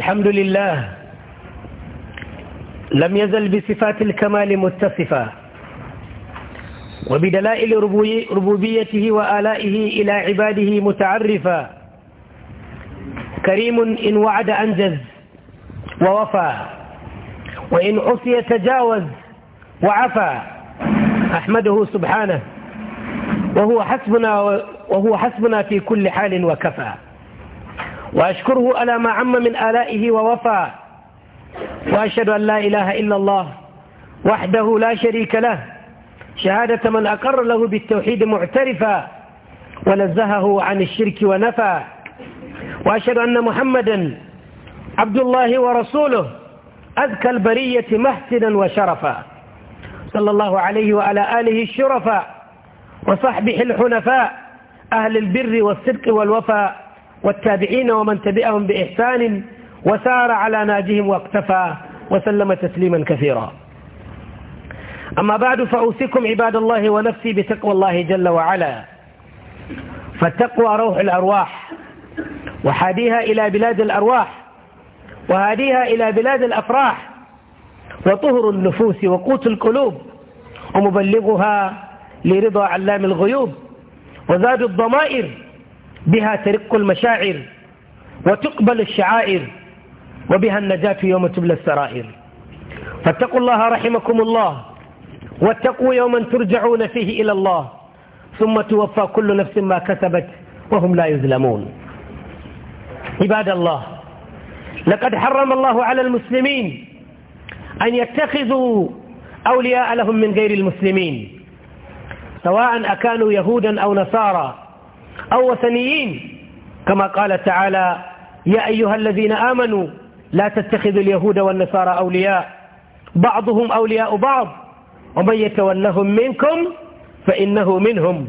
الحمد لله لم يزل بصفات الكمال متصفا وبدلائل ربوبيته وآلائه إلى عباده متعرفا كريم إن وعد أنجز ووفى وإن عصي تجاوز وعفى أحمده سبحانه وهو حسبنا وهو حسبنا في كل حال وكفى وأشكره على ما عم من آلائه ووفى وأشهد أن لا إله إلا الله وحده لا شريك له شهادة من أقر له بالتوحيد معترفا ونزهه عن الشرك ونفى وأشهد أن محمدا عبد الله ورسوله أذكى البرية محسنا وشرفا صلى الله عليه وعلى آله الشرفاء وصحبه الحنفاء أهل البر والصدق والوفاء والتابعين ومن تبعهم بإحسان وسار على ناجهم واقتفى وسلم تسليما كثيرا أما بعد فأوصيكم عباد الله ونفسي بتقوى الله جل وعلا فالتقوى روح الأرواح وحاديها إلى بلاد الأرواح وهاديها إلى بلاد الأفراح وطهر النفوس وقوت القلوب ومبلغها لرضا علام الغيوب وزاد الضمائر بها ترق المشاعر وتقبل الشعائر وبها النجاة يوم تبلى السرائر فاتقوا الله رحمكم الله واتقوا يوما ترجعون فيه إلى الله ثم توفى كل نفس ما كسبت وهم لا يظلمون عباد الله لقد حرم الله على المسلمين أن يتخذوا أولياء لهم من غير المسلمين سواء أكانوا يهودا أو نصارى أو وثنيين كما قال تعالى يا أيها الذين آمنوا لا تتخذوا اليهود والنصارى أولياء بعضهم أولياء بعض ومن يتولهم منكم فإنه منهم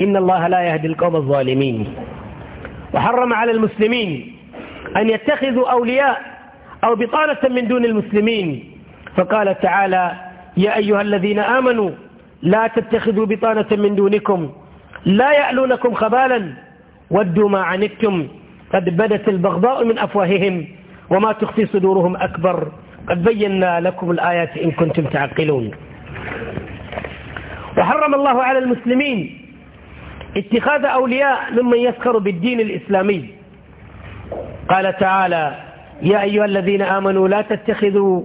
إن الله لا يهدي القوم الظالمين وحرم على المسلمين أن يتخذوا أولياء أو بطانة من دون المسلمين فقال تعالى يا أيها الذين آمنوا لا تتخذوا بطانة من دونكم لا يألونكم خبالا ودوا ما عنتم قد بدت البغضاء من أفواههم وما تخفي صدورهم أكبر قد بينا لكم الآيات إن كنتم تعقلون وحرم الله على المسلمين اتخاذ أولياء ممن يسخر بالدين الإسلامي قال تعالى يا أيها الذين آمنوا لا تتخذوا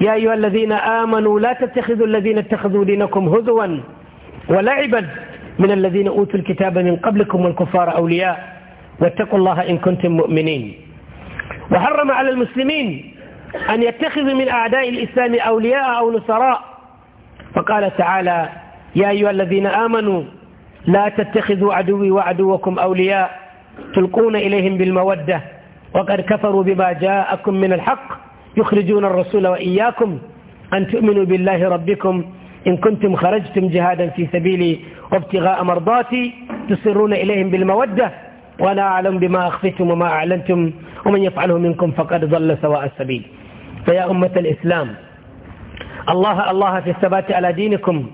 يا أيها الذين آمنوا لا تتخذوا الذين اتخذوا دينكم هزوا ولعبا من الذين أوتوا الكتاب من قبلكم والكفار أولياء واتقوا الله إن كنتم مؤمنين وحرم على المسلمين أن يتخذوا من أعداء الإسلام أولياء أو نصراء فقال تعالى يا أيها الذين آمنوا لا تتخذوا عدوي وعدوكم أولياء تلقون إليهم بالمودة وقد كفروا بما جاءكم من الحق يخرجون الرسول وإياكم أن تؤمنوا بالله ربكم إن كنتم خرجتم جهادا في سبيلي وابتغاء مرضاتي تصرون إليهم بالمودة ولا أعلم بما أخفتم وما أعلنتم ومن يفعله منكم فقد ضل سواء السبيل فيا أمة الإسلام الله الله في الثبات على دينكم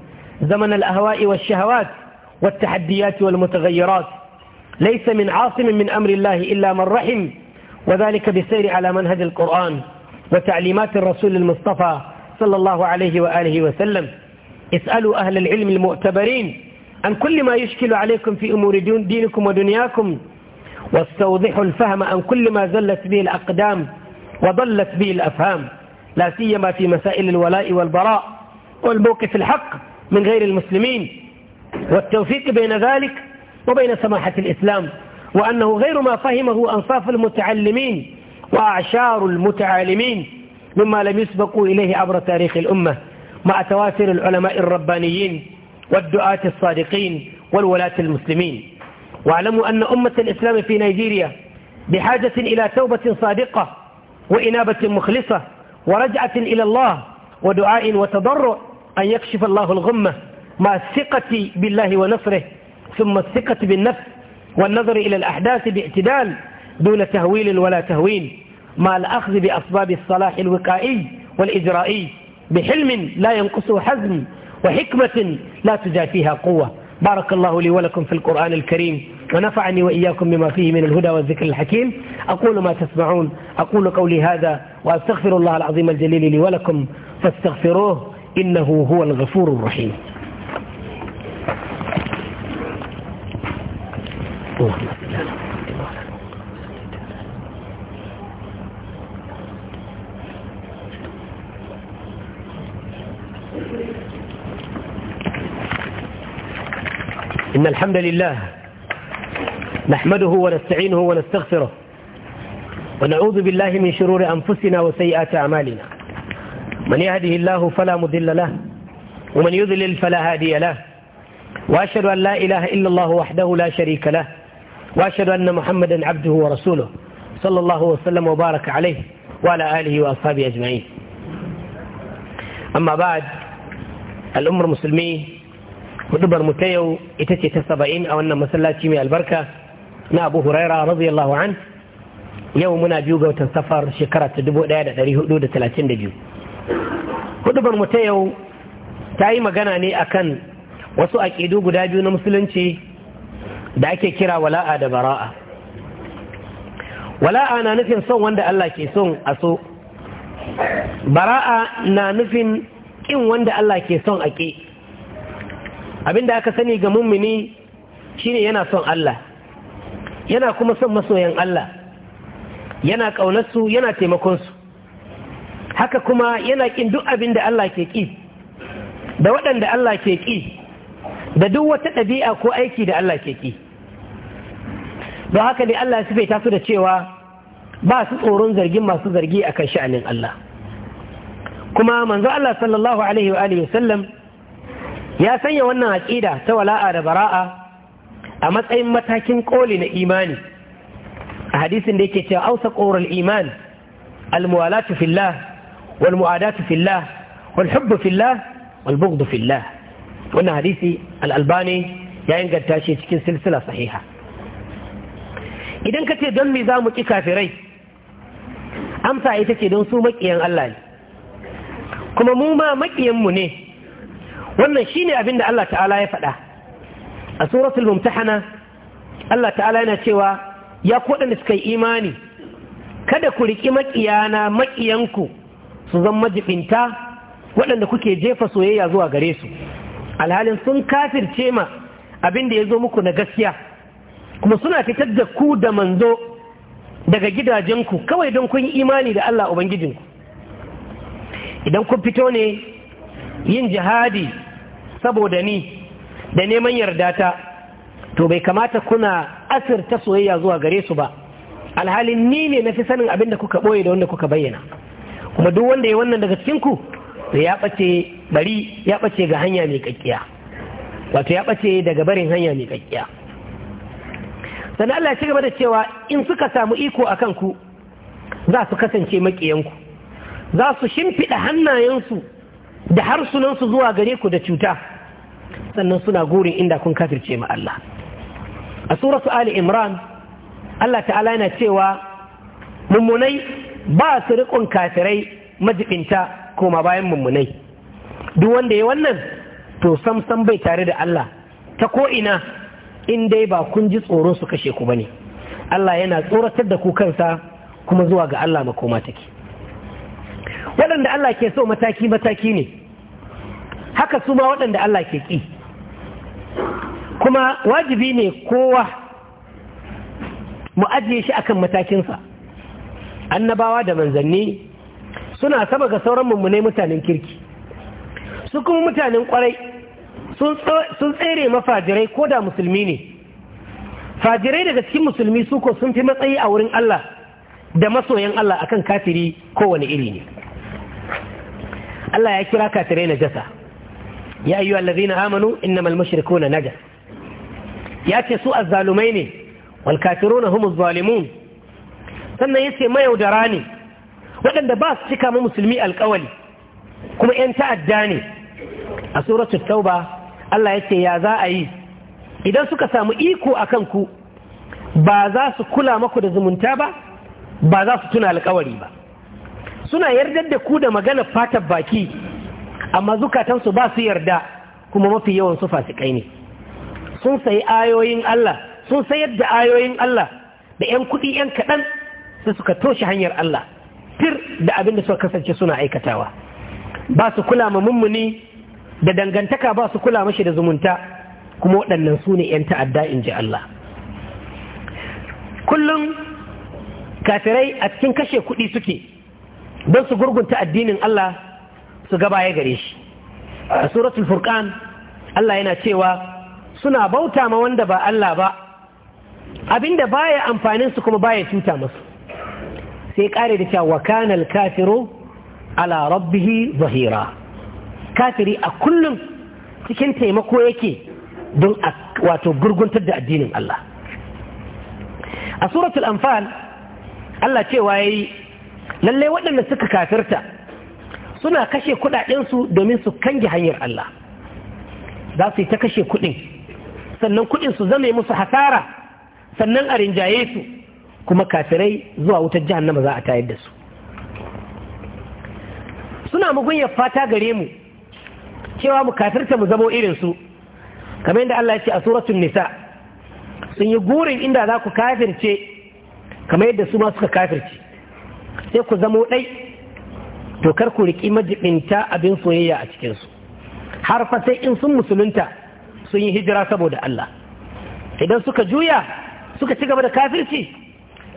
زمن الأهواء والشهوات والتحديات والمتغيرات ليس من عاصم من أمر الله إلا من رحم وذلك بالسير على منهج القرآن وتعليمات الرسول المصطفى صلى الله عليه وآله وسلم اسألوا أهل العلم المؤتبرين عن كل ما يشكل عليكم في أمور دينكم ودنياكم واستوضحوا الفهم عن كل ما زلت به الأقدام وضلت به الأفهام لا سيما في مسائل الولاء والبراء والموقف الحق من غير المسلمين والتوفيق بين ذلك وبين سماحة الإسلام وأنه غير ما فهمه أنصاف المتعلمين وأعشار المتعالمين مما لم يسبقوا إليه عبر تاريخ الأمة مع تواتر العلماء الربانيين والدعاة الصادقين والولاة المسلمين واعلموا أن أمة الإسلام في نيجيريا بحاجة إلى توبة صادقة وإنابة مخلصة ورجعة إلى الله ودعاء وتضرع أن يكشف الله الغمة مع الثقة بالله ونصره ثم الثقة بالنفس والنظر إلى الأحداث باعتدال دون تهويل ولا تهوين مع الأخذ بأسباب الصلاح الوقائي والإجرائي بحلم لا ينقصه حزم وحكمة لا تجافيها قوة بارك الله لي ولكم في القرآن الكريم ونفعني وإياكم بما فيه من الهدى والذكر الحكيم أقول ما تسمعون أقول قولي هذا وأستغفر الله العظيم الجليل لي ولكم فاستغفروه إنه هو الغفور الرحيم اللهم إن الحمد لله نحمده ونستعينه ونستغفره ونعوذ بالله من شرور أنفسنا وسيئات أعمالنا من يهده الله فلا مضل له ومن يذلل فلا هادي له وأشهد أن لا إله إلا الله وحده لا شريك له وأشهد أن محمدا عبده ورسوله صلى الله وسلم وبارك عليه وعلى آله وأصحابه أجمعين أما بعد الأمر المسلمين hudubar mu ta yau ita ce ta saba'in a wannan masallaci mai albarka na abu huraira radiyallahu an yau muna biyu ga watan safar shekara ta dubu ɗaya da ɗari hudu da talatin da biyu hudubar mu ta yau ta yi magana ne akan wasu aƙidu guda biyu na musulunci da ake kira wala'a da bara'a wala'a na nufin son wanda Allah ke son a so bara'a na nufin ƙin wanda Allah ke son a ƙi Abin da aka sani ga mummini shine yana son Allah yana kuma son masoyan Allah yana ƙaunarsu yana taimakonsu haka kuma yana ƙin duk abin da Allah ke ƙi da waɗanda Allah ke ƙi da duk wata ɗabi'a ko aiki da Allah ke ƙi don haka ne Allah su bai su da cewa ba su tsoron zargin masu zargi akan sha'anin Allah kuma manzo Allah sallallahu alaihi wa sallam ya sanya wannan aƙida ta wala'a da bara'a a matsayin matakin ƙoli na imani a hadisin da yake cewa ausa ƙorar iman almuwalatu fillah wal mu'adatu fillah wal hubbu fillah wal bughdu fillah wannan hadisi al-albani ya inganta shi cikin silsila sahiha idan ka ce don me za mu ki kafirai amsa ita ce don su maƙiyan Allah ne kuma mu ma mu ne wannan shine abin da Allah ta'ala ya faɗa a suratul mumtahana Allah ta'ala yana cewa ya kodanda suka yi imani kada ku riki makiyana makiyanku su zan majibinta waɗanda kuke jefa soyayya zuwa gare su alhalin sun kafirce ma abin da ya zo muku na gaskiya kuma suna fitar da ku da manzo daga gidajenku kawai don kun yi imani da Allah Ubangijinku idan kun fito ne yin jihadi saboda ni da neman yarda ta to bai kamata kuna asir ta soyayya zuwa gare su ba alhalin ni ne na fi sanin abin da kuka ɓoye da wanda kuka bayyana kuma duk wanda ya wannan daga cikinku to ya ɓace bari ya ɓace ga hanya mai ƙaƙƙiya wato ya ɓace daga barin hanya mai ƙaƙƙiya sannan Allah ya ci gaba da cewa in suka samu iko a kanku za su kasance maƙiyanku za su shimfiɗa hannayensu da harsunansu zuwa gare ku da cuta sannan suna gurin inda kun kafirce ma Allah a suratu Ali Imran Allah ta'ala yana cewa mummunai ba su riƙon kafirai majibinta koma bayan mummunai duk wanda ya wannan to samsam bai tare da Allah ta ko ina in dai ba kun ji tsoron su kashe ku bane Allah yana tsoratar da ku kansa kuma zuwa ga Allah makoma take waɗanda Allah ke so mataki-mataki ne haka su ma waɗanda Allah ke ƙi kuma wajibi ne kowa mu ajiye shi akan matakinsa annabawa da manzanni suna saba ga sauran mummunai mutanen kirki su kuma mutanen kwarai sun tsere mafajirai ko da musulmi ne fajirai daga cikin musulmi su ko sun fi matsayi a wurin Allah da masoyan Allah akan kafiri kowane iri ne Allah ya kira kafirai najasa ya ayyu allazina amanu innamal mushrikuna najas ya ce su azzalumai ne wal na humus zalimun sannan yace mayaudara ne waɗanda ba su cika ma musulmi alƙawali kuma ‘yan ta'adda ne a suratul tauba Allah ya ce ya za a yi idan suka samu iko a kanku ba za su kula maku da zumunta ba ba za su tuna alkawari ba suna yardar da ku da magana fatar baki amma zukatansu ba su yarda kuma mafi yawan su fasikai ne sun sayi ayoyin Allah sun sayar da ayoyin Allah da 'yan kuɗi 'yan kaɗan sai suka toshe hanyar Allah Fir da abin da suka kasance suna aikatawa ba su kula ma mummuni da dangantaka ba su kula mashi da zumunta kuma waɗannan su ne 'yan ta'adda in ji Allah kullum kafirai a cikin kashe kuɗi suke don su gurgunta addinin Allah su baya gare shi a suratul furqan Allah yana cewa suna bauta ma wanda ba Allah ba abinda baya amfanin su kuma baya cuta masu. sai kare da cewa kana al-kafiru ala rabbih zahira kafiri a kullum cikin taimako yake don wato gurguntar da addinin Allah a suratul anfal Allah cewa yayi lalle waɗanda suka kafirta suna kashe kuɗaɗensu domin su kange hanyar Allah za su yi ta kashe kuɗin sannan kuɗin su zame musu hasara sannan a rinjaye su kuma kafirai zuwa wutar jahannama za a tayar da su suna mugunyar fata gare mu cewa mu kafirta mu zamo irinsu kamar yadda Allah ya ce a suratun nisa sun yi gurin inda za ku kafirce kamar yadda su ma suka kafirce sai ku zamo ɗai to kar ku riƙi majibinta abin soyayya a cikinsu har fa sai in sun musulunta sun yi hijira saboda Allah idan suka juya suka ci gaba da kafirci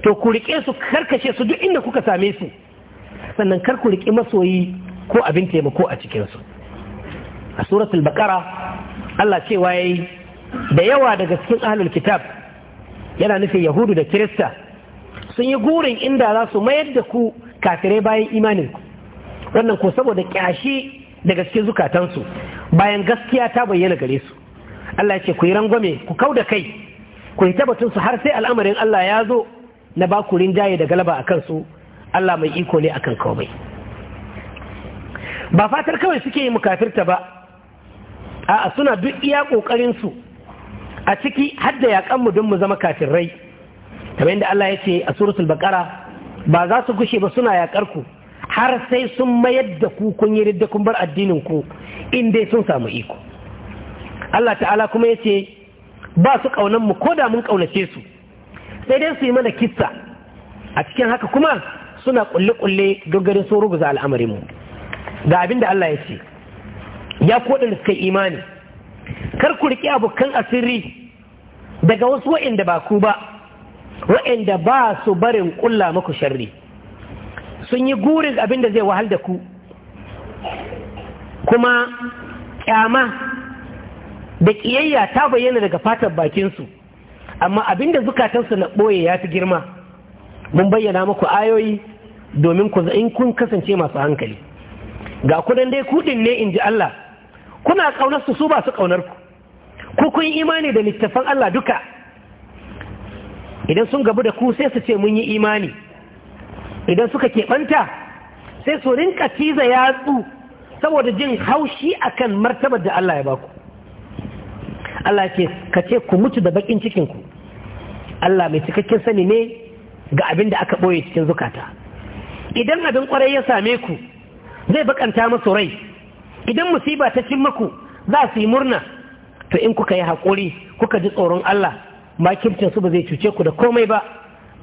to ku riƙe su karkashe su duk inda kuka same su sannan kar ku riƙi masoyi ko abin taimako a cikinsu a suratul baqara Allah cewa yayi da yawa daga cikin ahlul kitab yana nufin yahudu da kirista sun yi gurin inda za su mayar da ku kafirai bayan imanin ku wannan ko saboda kyashi daga cikin zukatansu bayan gaskiya ta bayyana gare su Allah ce ku yi rangwame ku kau da kai ku yi tabbatun su har sai al'amarin Allah ya zo na ba ku rinjaye da galaba a kansu Allah mai iko ne akan komai ba fatar kawai suke yi mukafirta ba a'a suna duk iya kokarin su a ciki hadda yakan mu don mu zama kafirrai kamar yadda Allah ya ce a suratul baqara ba za su gushe ba suna yakar ku har sai sun mayar da ku kun yi ridda kun bar addinin ku in dai sun samu iko Allah ta'ala kuma ya ce ba su kaunan mu da mun kaunace su sai dai su yi mana kissa a cikin haka kuma suna kulle kulle gaggarin sun ruguza al'amarin mu ga abin da Allah ya ce ya koda da suka imani kar ku riƙe abokan asiri daga wasu wa'inda ba ku ba Wa'inda ba su barin kulla muku sharri sun yi gurin abin da zai wahal da ku kuma ƙyama da ƙiyayya ta bayyana daga fatar bakinsu amma abin da zukatansu na ɓoye ya fi girma mun bayyana muku ayoyi domin ku in kun kasance masu hankali ga kudan dai kudin ne in ji Allah kuna ƙaunarsu su ba su ƙaunar ku ku kun imani da littafan Allah duka idan sun gabu da ku sai su ce mun yi imani idan suka keɓanta sai su rinka ciza yatsu saboda jin haushi akan martabar da Allah ya baku Allah ke ka ce ku mutu da bakin cikinku Allah mai cikakken sani ne ga abin da aka ɓoye cikin zukata idan abin ƙwarai ya same ku zai bakanta masu rai idan musiba ta cin maku za su yi murna to in kuka yi haƙuri kuka ji tsoron Allah makircin su ba zai cuce ku da komai ba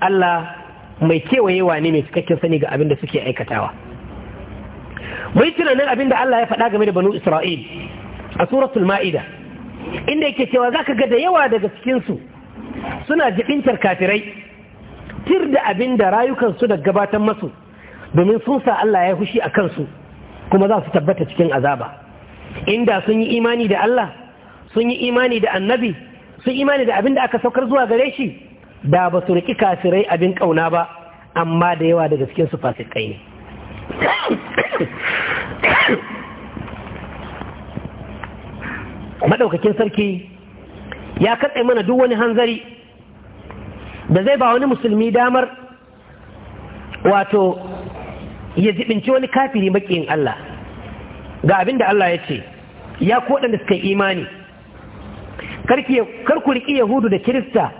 Allah mai kewayewa ne mai cikakken sani ga abin da suke aikatawa mu tunanin abin da Allah ya faɗa game da banu Isra'il a suratul ma'ida inda yake cewa za ka ga da yawa daga cikinsu suna jibintar kafirai tir da abin da rayukansu da gabatar masu domin sun sa Allah ya hushi a kansu kuma za su tabbata cikin azaba inda sun yi imani da Allah sun yi imani da annabi sun imani da abin da aka saukar zuwa gare shi da ba su riƙi kafirai abin ƙauna ba amma da yawa daga cikin su fasikai ne maɗaukakin sarki ya katse mana duk wani hanzari da zai ba wani musulmi damar wato ya zibinci wani kafiri maƙiyin Allah ga abin da Allah ya ce ya da suka yi imani kar ku riƙi yahudu da kirista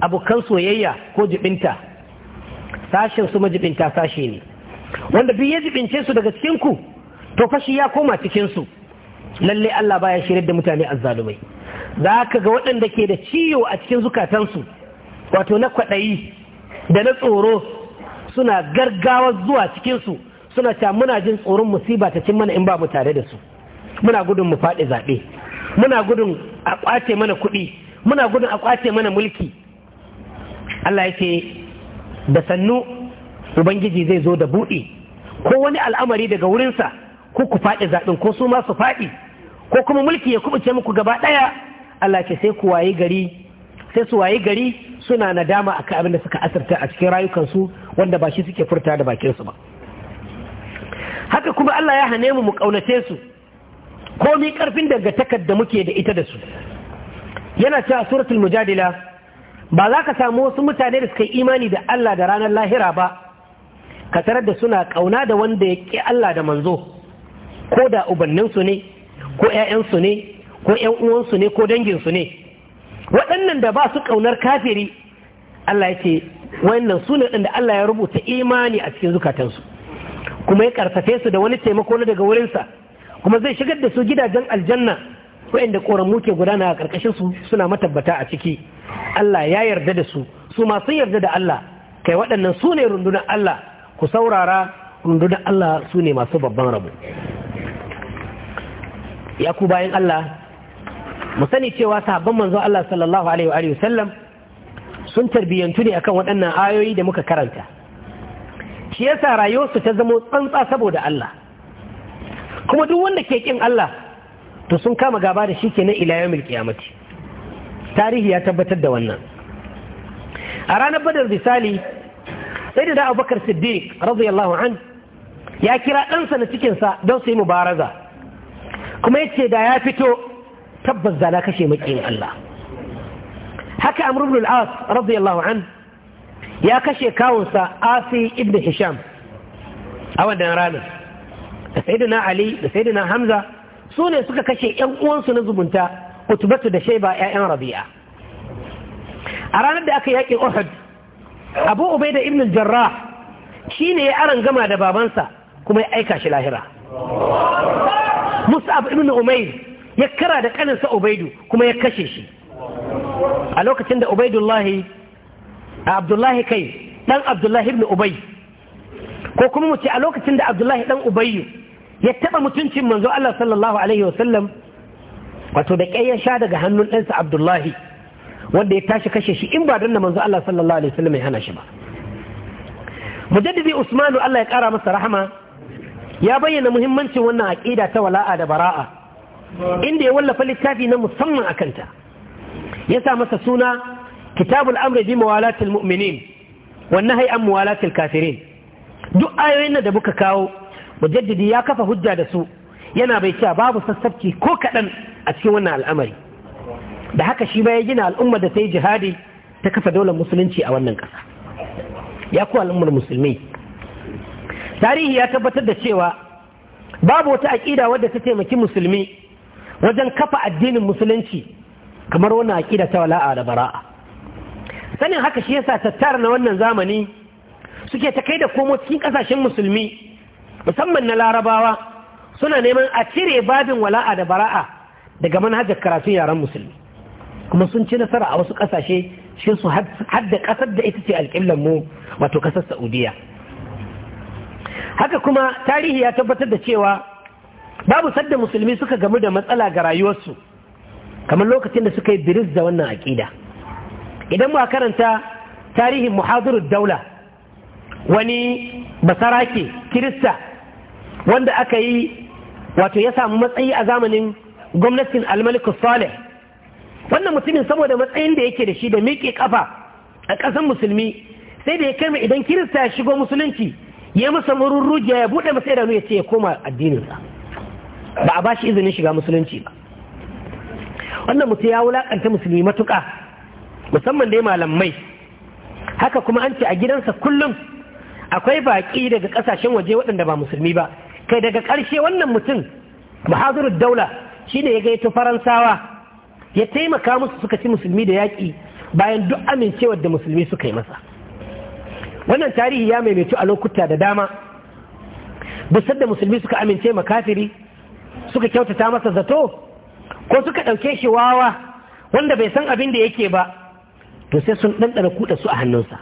abokan soyayya ko jibinta sashen su majibinta sashe ne wanda bi ya jibince su daga cikin ku to fashi ya koma cikin su lalle Allah baya shirar da mutane azzalumai za ka ga waɗanda ke da ciwo a cikin zukatansu wato na kwaɗayi da na tsoro suna gargawa zuwa cikinsu suna ta muna jin tsoron musiba ta cin mana in ba mu tare da su muna gudun mu faɗi zaɓe muna gudun a kwace mana kuɗi muna gudun a kwace mana mulki Allah ya ce da sannu ubangiji zai zo da buɗe ko wani al'amari daga wurinsa ko ku faɗi zaɓin ko su ma su faɗi ko kuma mulki ya kubuce muku gaba ɗaya Allah ce sai ku waye gari sai su wayi gari suna nadama akan abin da suka asirta a cikin rayukansu wanda ba shi suke furta da bakinsu ba haka kuma Allah ya hane mu mu kaunace su Komi karfin daga takarda muke da ita da su yana cewa suratul mujadila ba za ka samu wasu mutane da suka yi imani da Allah da ranar lahira ba ka tarar da suna kauna da wanda ya ƙi Allah da manzo ko da ubanninsu ne ko ‘ya'yansu ne ko ‘yan uwansu ne ko dangin su ne waɗannan da ba su ƙaunar kafiri Allah ya ce wannan sunan da Allah ya rubuta imani a cikin zukatansu kuma ya karfafe su da wani taimako na daga wurinsa kuma zai shigar da su gidajen aljanna waɗanda ƙoramu ke gudana a ƙarƙashin su suna matabbata a ciki Allah ya yarda da su su masu yarda da Allah kai waɗannan su ne rundunar Allah ku saurara rundunar Allah su ne masu babban rabu ya ku bayan Allah mu sani cewa sahabban manzo Allah sallallahu alaihi wa sallam sun tarbiyyantu ne akan waɗannan ayoyi da muka karanta shi yasa rayuwarsu ta zama tsantsa saboda Allah kuma duk wanda ke kin Allah to sun kama gaba da shi kenan ila yawmil qiyamati tarihi ya tabbatar da wannan a ranar badar misali sai da abubakar siddiq radiyallahu an ya kira ɗansa na cikinsa don su yi mubaraza kuma ya ce da ya fito tabbas da na kashe makiyin Allah haka amr ibn al-as radiyallahu an ya kashe kawunsa asi ibn hisham a wannan ranar da saidina ali da saidina hamza su ne suka kashe yan uwansu na zubunta kutubatu da shaiba ƴaƴan rabi'a a ranar da aka yaƙi uhud abu ubaida ibn jarrah shine ya aran gama da babansa kuma ya aika shi lahira mus'ab ibn umayr ya kara da kaninsa ubaidu kuma ya kashe shi a lokacin da ubaidullahi abdullahi kai dan abdullahi ibn ubay ko kuma mu ce a lokacin da abdullahi dan ubayyu ya taɓa mutuncin manzo Allah sallallahu Alaihi wasallam wato da ƙai ya sha daga hannun ɗansa Abdullahi wanda ya tashi kashe shi in ba dan da manzo Allah sallallahu Alaihi wasallam ya hana shi ba. Mujaddidi Usmanu Allah ya kara masa rahama ya bayyana muhimmancin wannan aƙida ta wala'a da bara'a inda ya wallafa littafi na musamman a kanta ya sa masa suna kitabul amri bi mawalatil mu'minin wa nahyi an kafirin duk ayoyin da muka kawo mujaddidi ya kafa hujja da su yana bai cewa babu sassabci ko kaɗan a cikin wannan al'amari da haka shi ma ya gina al'ummar da ta yi jihadi ta kafa daular musulunci a wannan ƙasa ya kuwa al'ummar musulmi tarihi ya tabbatar da cewa babu wata aƙida wadda ta taimaki musulmi wajen kafa addinin musulunci kamar wannan aƙida ta wala'a da bara'a sanin haka shi yasa tattara na wannan zamani suke ta kai da komo cikin ƙasashen musulmi musamman na larabawa suna neman a cire babin wala'a da bara'a daga manhajar karatun yaren musulmi kuma sun ci nasara a wasu kasashe shi su hadda kasar da ita ce alƙiblar mu wato kasar saudiya haka kuma tarihi ya tabbatar da cewa babu sadda musulmi suka gamu da matsala ga rayuwarsu kamar lokacin da suka yi biris da wannan aƙida idan a karanta tarihin muhazirul daula wani basarake kirista wanda aka yi wato ya samu matsayi a zamanin gwamnatin almaliku salih wannan mutumin saboda matsayin da yake da shi da miƙe kafa a ƙasan musulmi sai da ya kai idan kirista ya shigo musulunci ya masa mururrujiya ya buɗe masa idanu ya ce ya koma addininsa ba a ba shi izinin shiga musulunci ba wannan mutum ya wulaƙanta musulmi matuƙa musamman dai malamai haka kuma an ce a gidansa kullum akwai baƙi daga ƙasashen waje waɗanda ba musulmi ba kai daga ƙarshe wannan mutum bahadur daula shi ne ya gaito faransawa ya taimaka musu suka ci musulmi da yaƙi bayan duk amincewar da musulmi suka yi masa wannan tarihi ya maimaitu a lokuta da dama busar da musulmi suka amince makafiri suka kyautata masa zato ko suka ɗauke shi wawa wanda bai san abin da yake ba to sai sun ɗanɗana kuɗa su a hannunsa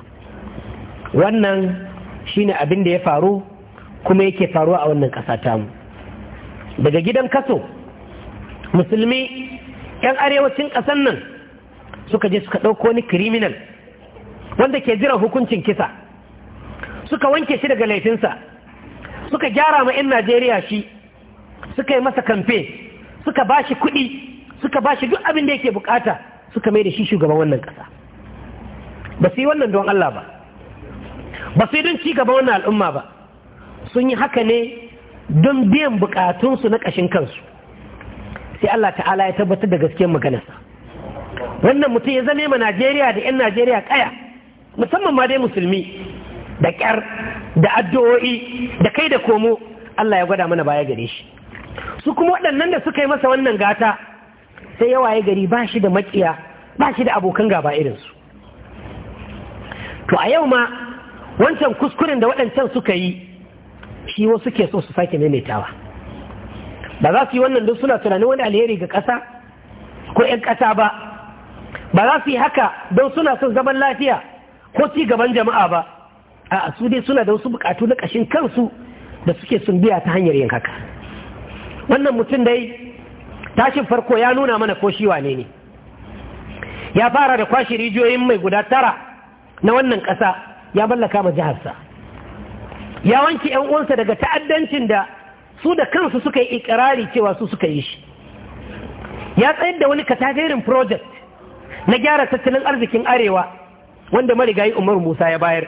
wannan shine abin da ya faru kuma yake faruwa a wannan ƙasa tamu daga gidan kaso musulmi 'yan arewacin ƙasan nan suka je suka ɗauko wani kiriminal wanda ke jiran hukuncin kisa suka wanke shi daga laifinsa suka gyara ma 'yan najeriya shi suka yi masa kamfe suka ba shi kuɗi suka ba shi duk abin da yake bukata suka mai da shi shugaban wannan ƙasa ba su yi wannan don Allah ba ba su yi don ci gaba wannan al'umma ba sun yi haka ne don biyan bukatunsu na ƙashin kansu sai Allah ta'ala ya tabbatar da gaskiyar maganarsa wannan mutum ya zame ma Najeriya da 'yan Najeriya kaya musamman ma dai musulmi da ƙyar da addu'o'i da kai da komo Allah ya gwada mana baya gare shi su kuma waɗannan da suka yi masa wannan gata sai ya gari ba shi da maƙiya ba shi da abokan gaba irinsu to a yau ma wancan kuskuren da waɗancan suka yi shi wasu ke so su sake maimaitawa ba za su yi wannan duk suna tunanin wani alheri ga ƙasa ko 'yan ƙasa ba ba za su yi haka don suna son zaman lafiya ko ci gaban jama'a ba a su dai suna da wasu bukatu na ƙashin kansu da suke sun biya ta hanyar yin haka wannan mutum dai tashin farko ya nuna mana ko shi wane ne ya fara da kwashe rijiyoyin mai guda tara na wannan ƙasa ya mallaka ma jiharsa ya wanke ‘yan uwansa daga ta'addancin da su da kansu suka yi ikirari cewa su suka yi shi ya tsayar da wani katagirin project na gyara tattalin arzikin arewa wanda marigayi umar musa ya bayar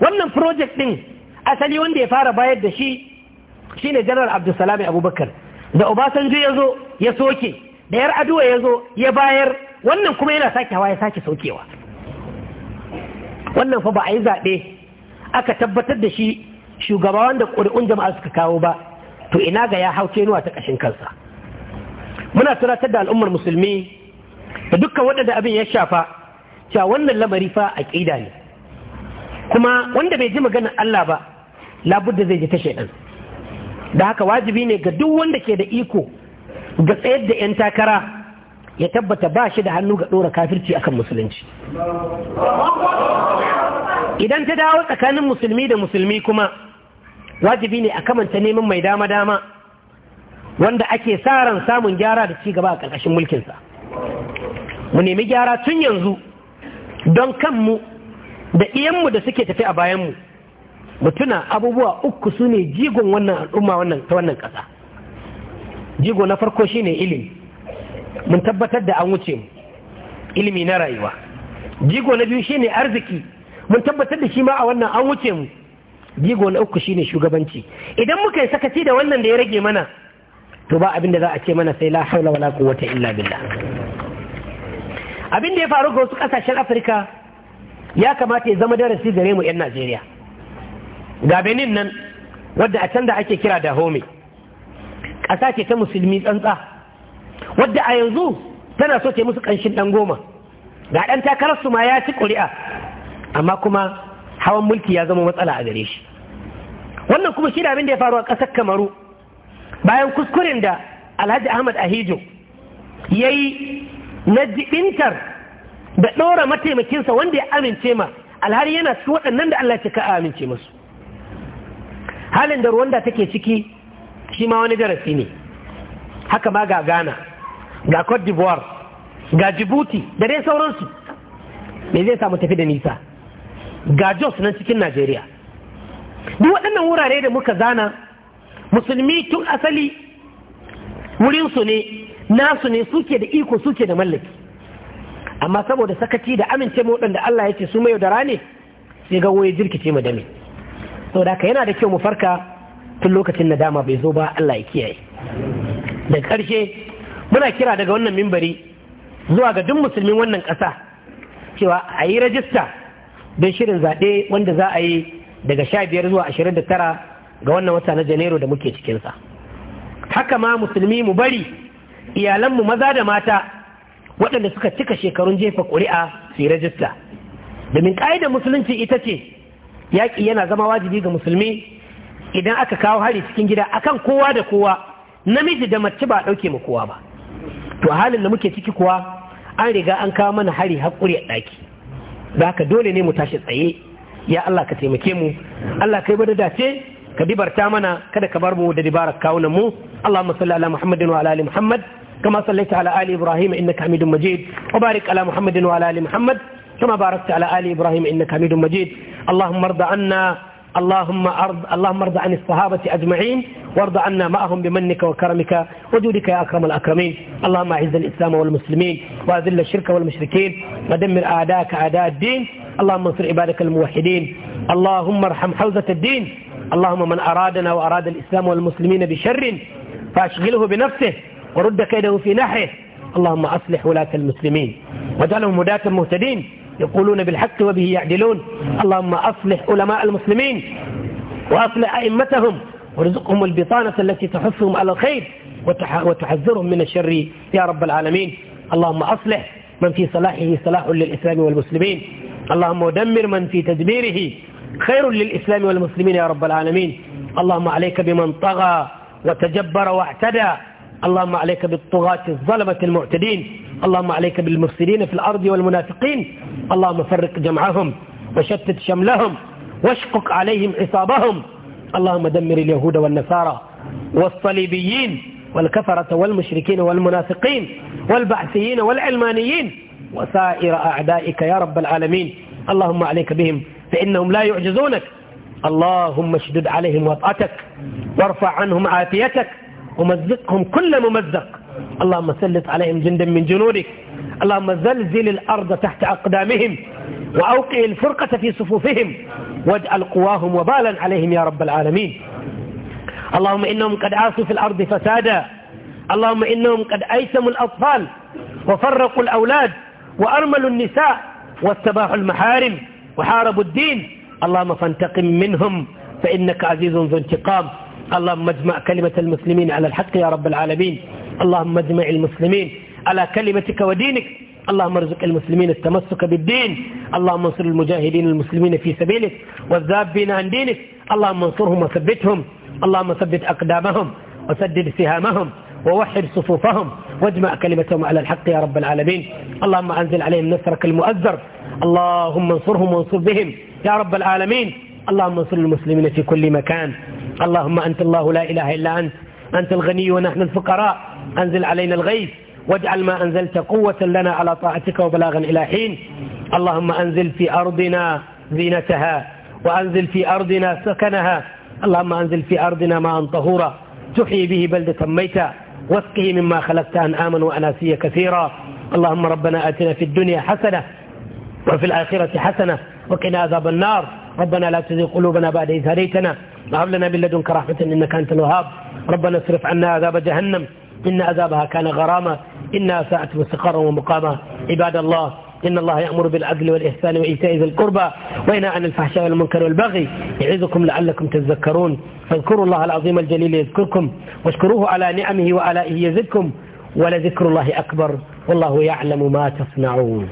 wannan project din asali wanda ya fara bayar da shi shi ne janar abdulsalami abubakar da obasanjo ya zo ya soke da yar aduwa ya zo ya bayar wannan kuma yana sake hawa ya sake saukewa wannan fa ba a yi zaɓe aka tabbatar da shi shugaba wanda ƙuri'un jama'a suka kawo ba to ina ga ya hau kenuwa ta ƙashin kansa muna tunatar da al'ummar musulmi da dukkan waɗanda abin ya shafa cewa wannan lamari fa a ƙida ne kuma wanda bai ji maganar Allah ba labudda zai ji ta shaidan da haka wajibi ne ga duk wanda ke da iko ga tsayar da 'yan takara ya tabbata ba shi da hannu ga ɗora kafirci akan musulunci idan ta dawo tsakanin musulmi da musulmi kuma wajibi ne a kamanta neman mai dama-dama wanda ake sa ran samun gyara da ci gaba a ƙarƙashin mulkinsa mu nemi gyara tun yanzu don kanmu da iyanmu da suke tafi a bayanmu mu tuna abubuwa uku su ne jigon wannan al'umma ta wannan ƙasa jigo na farko shi ne ilimi mun tabbatar da an wuce mu ilimi na rayuwa jigo na biyu shi ne arziki mun tabbatar da shi ma a wannan an wuce mu jigo na uku shine shugabanci idan muka yi sakaci da wannan da ya rage mana to ba abin da za a ce mana sai la haula wala quwwata illa billah abin da ya faru ga wasu kasashen Afirka ya kamata ya zama darasi gare mu 'yan Najeriya ga Benin nan wadda a can da ake kira da home ƙasa ce ta musulmi tsantsa wadda a yanzu tana so ta musu ƙanshin ɗan goma ga ɗan su ma ya ci ƙuri'a amma kuma hawan mulki ya zama matsala a gare shi wannan kuma shi da abin da ya faru a ƙasar kamaru bayan kuskuren da alhaji ahmad ahijo ya yi na jibintar da ɗora mataimakinsa wanda ya amince ma alhari yana su waɗannan da allah cika a amince masu halin da ruwan ruwanda take ciki shi ma wani darasi ne haka ma ga ghana ga cote d'ivoire ga djibouti da dai sauransu me zai samu tafi da nisa ga jos nan cikin najeriya duk waɗannan wurare da muka zana musulmi tun asali wurinsu ne nasu ne suke da iko suke da mallaki amma saboda sakaci da amince waɗanda Allah ya ce su mai yaudara ne sai ga waye jirkice mu dame saboda haka yana da kyau mu farka tun lokacin nadama bai zo ba Allah ya kiyaye daga ƙarshe muna kira daga wannan mimbari zuwa ga duk musulmin wannan ƙasa cewa a yi rajista don shirin zaɓe wanda za a yi daga sha biyar zuwa ashirin da tara ga wannan wata na janairu da muke cikinsa haka ma musulmi mu bari iyalanmu maza da mata waɗanda suka cika shekarun jefa ƙuri'a su yi rajista domin ƙa'idar musulunci ita ce yaƙi yana zama wajibi ga musulmi idan aka kawo hari cikin gida akan kowa da kowa namiji da mace ba ɗauke mu kowa ba to a halin da muke ciki kuwa an riga an kawo mana hari haƙuri a ɗaki za ka dole ne mu tashi tsaye ya Allah ka taimake mu Allah kai bada dace ka dibarta mana kada ka bar mu da dibarar kawunan mu Allahumma salli ala Muhammadin wa ala ali Muhammad kama sallaita ala ali Ibrahim innaka Hamidum Majid wa barik ala Muhammadin wa ala ali Muhammad kama barakta ala ali Ibrahim innaka Hamidum Majid Allahumma arda anna اللهم أرض اللهم ارض عن الصحابة أجمعين وارض عنا معهم بمنك وكرمك وجودك يا أكرم الأكرمين اللهم أعز الإسلام والمسلمين وأذل الشرك والمشركين ودمر أعداءك أعداء الدين اللهم انصر عبادك الموحدين اللهم ارحم حوزة الدين اللهم من أرادنا وأراد الإسلام والمسلمين بشر فأشغله بنفسه ورد كيده في نحه اللهم أصلح ولاة المسلمين واجعلهم هداة مهتدين يقولون بالحق وبه يعدلون اللهم أصلح علماء المسلمين وأصلح أئمتهم وارزقهم البطانة التي تحثهم على الخير وتحذرهم من الشر يا رب العالمين اللهم أصلح من في صلاحه صلاح للإسلام والمسلمين اللهم ودمر من في تدبيره خير للإسلام والمسلمين يا رب العالمين اللهم عليك بمن طغى وتجبر واعتدى اللهم عليك بالطغاة الظلمة المعتدين اللهم عليك بالمفسدين في الأرض والمنافقين اللهم فرق جمعهم وشتت شملهم واشقق عليهم عصابهم اللهم دمر اليهود والنصارى والصليبيين والكفرة والمشركين والمنافقين والبعثيين والعلمانيين وسائر أعدائك يا رب العالمين اللهم عليك بهم فإنهم لا يعجزونك اللهم اشدد عليهم وطأتك وارفع عنهم عافيتك ومزقهم كل ممزق اللهم سلط عليهم جندا من جنودك اللهم زلزل الأرض تحت أقدامهم وأوقع الفرقة في صفوفهم واجعل قواهم وبالا عليهم يا رب العالمين اللهم إنهم قد عاصوا في الأرض فسادا اللهم إنهم قد أيسموا الأطفال وفرقوا الأولاد وأرملوا النساء واستباحوا المحارم وحاربوا الدين اللهم فانتقم منهم فإنك عزيز ذو انتقام اللهم اجمع كلمة المسلمين على الحق يا رب العالمين اللهم اجمع المسلمين على كلمتك ودينك اللهم ارزق المسلمين التمسك بالدين اللهم انصر المجاهدين المسلمين في سبيلك والذابين عن دينك اللهم انصرهم وثبتهم اللهم ثبت أقدامهم وسدد سهامهم ووحد صفوفهم واجمع كلمتهم على الحق يا رب العالمين اللهم أنزل عليهم نصرك المؤزر اللهم انصرهم وانصر بهم يا رب العالمين اللهم انصر المسلمين في كل مكان اللهم أنت الله لا إله إلا أنت أنت الغني ونحن الفقراء أنزل علينا الغيث واجعل ما أنزلت قوة لنا على طاعتك وبلاغا إلى حين اللهم أنزل في أرضنا زينتها وأنزل في أرضنا سكنها اللهم أنزل في أرضنا ماء طهورا تحيي به بلدة ميتا واسقه مما خلقت أنعاما واناسي كثيرا اللهم ربنا آتنا في الدنيا حسنة وفي الآخرة حسنة وقنا عذاب النار ربنا لا تزغ قلوبنا بعد إذ هديتنا وهب لنا من لدنك رحمة إنك أنت الوهاب ربنا اصرف عنا عذاب جهنم إن عذابها كان غراما إنها ساءت مستقرا ومقاما عباد الله إن الله يأمر بالعدل والإحسان وإيتاء ذي القربى وينهى عن الفحشاء والمنكر والبغي يعظكم لعلكم تذكرون فاذكروا الله العظيم الجليل يذكركم واشكروه على نعمه وآلائه يزدكم ولذكر الله أكبر والله يعلم ما تصنعون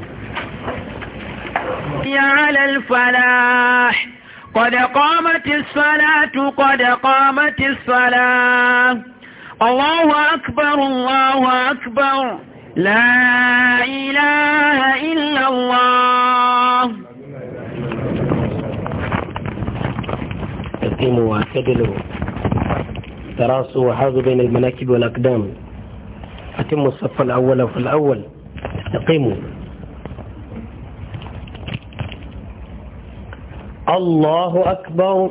يا على الفلاح قد قامت الصلاة قد قامت الصلاة الله أكبر الله أكبر لا إله إلا الله اقيموا واعتدلوا تراصوا وحاذوا بين المناكب والأقدام أتموا الصف الأول في الأول اقيموا الله أكبر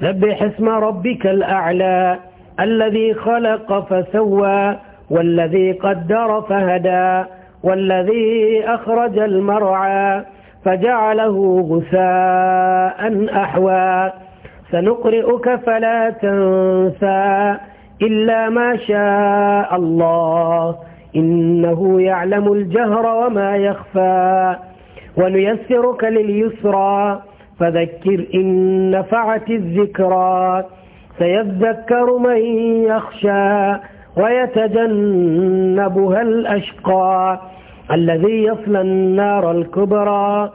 سبح اسم ربك الأعلى الذي خلق فسوى والذي قدر فهدى والذي أخرج المرعى فجعله غثاء أحوى سنقرئك فلا تنسى إلا ما شاء الله إنه يعلم الجهر وما يخفى ونيسرك لليسرى فذكر إن نفعت الذكرى سيذكر من يخشى ويتجنبها الأشقى الذي يصلى النار الكبرى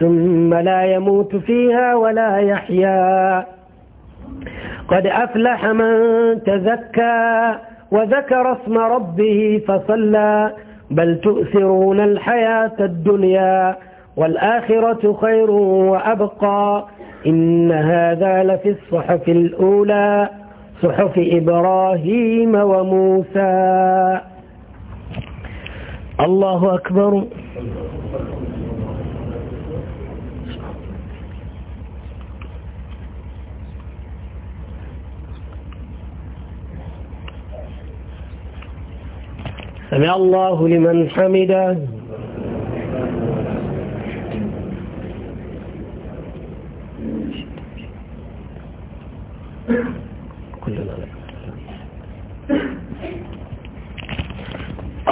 ثم لا يموت فيها ولا يحيا قد أفلح من تزكى وذكر اسم ربه فصلى بل تؤثرون الحياة الدنيا والآخرة خير وأبقى إن هذا لفي الصحف الأولى صحف إبراهيم وموسى الله أكبر سمع الله لمن حمده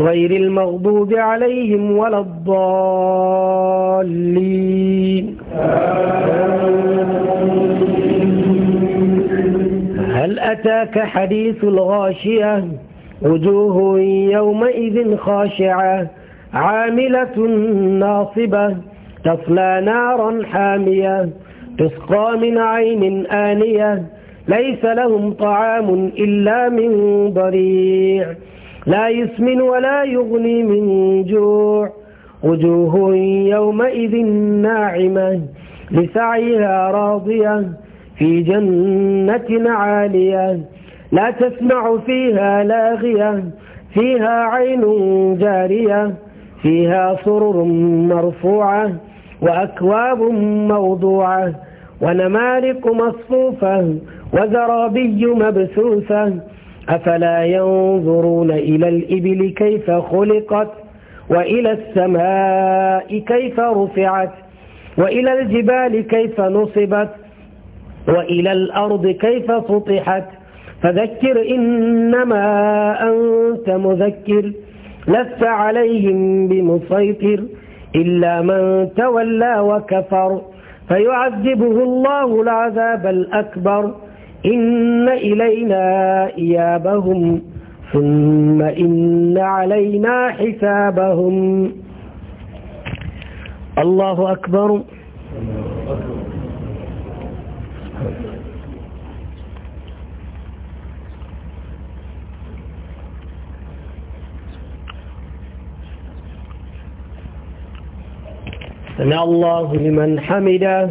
غير المغضوب عليهم ولا الضالين هل أتاك حديث الغاشية وجوه يومئذ خاشعة عاملة ناصبة تصلى نارا حامية تسقى من عين آنية ليس لهم طعام إلا من ضريع لا يسمن ولا يغني من جوع وجوه يومئذ ناعمة لسعيها راضية في جنة عالية لا تسمع فيها لاغية فيها عين جارية فيها سرر مرفوعة وأكواب موضوعة ونمارق مصفوفة وزرابي مبثوثة أفلا ينظرون إلى الإبل كيف خلقت وإلى السماء كيف رفعت وإلى الجبال كيف نصبت وإلى الأرض كيف سطحت فذكر إنما أنت مذكر لست عليهم بمسيطر إلا من تولى وكفر فيعذبه الله العذاب الأكبر إن إلينا إيابهم ثم إن علينا حسابهم الله أكبر سمع الله لمن حمده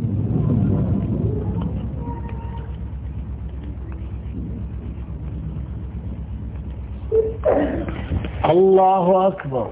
Allahu Akbar.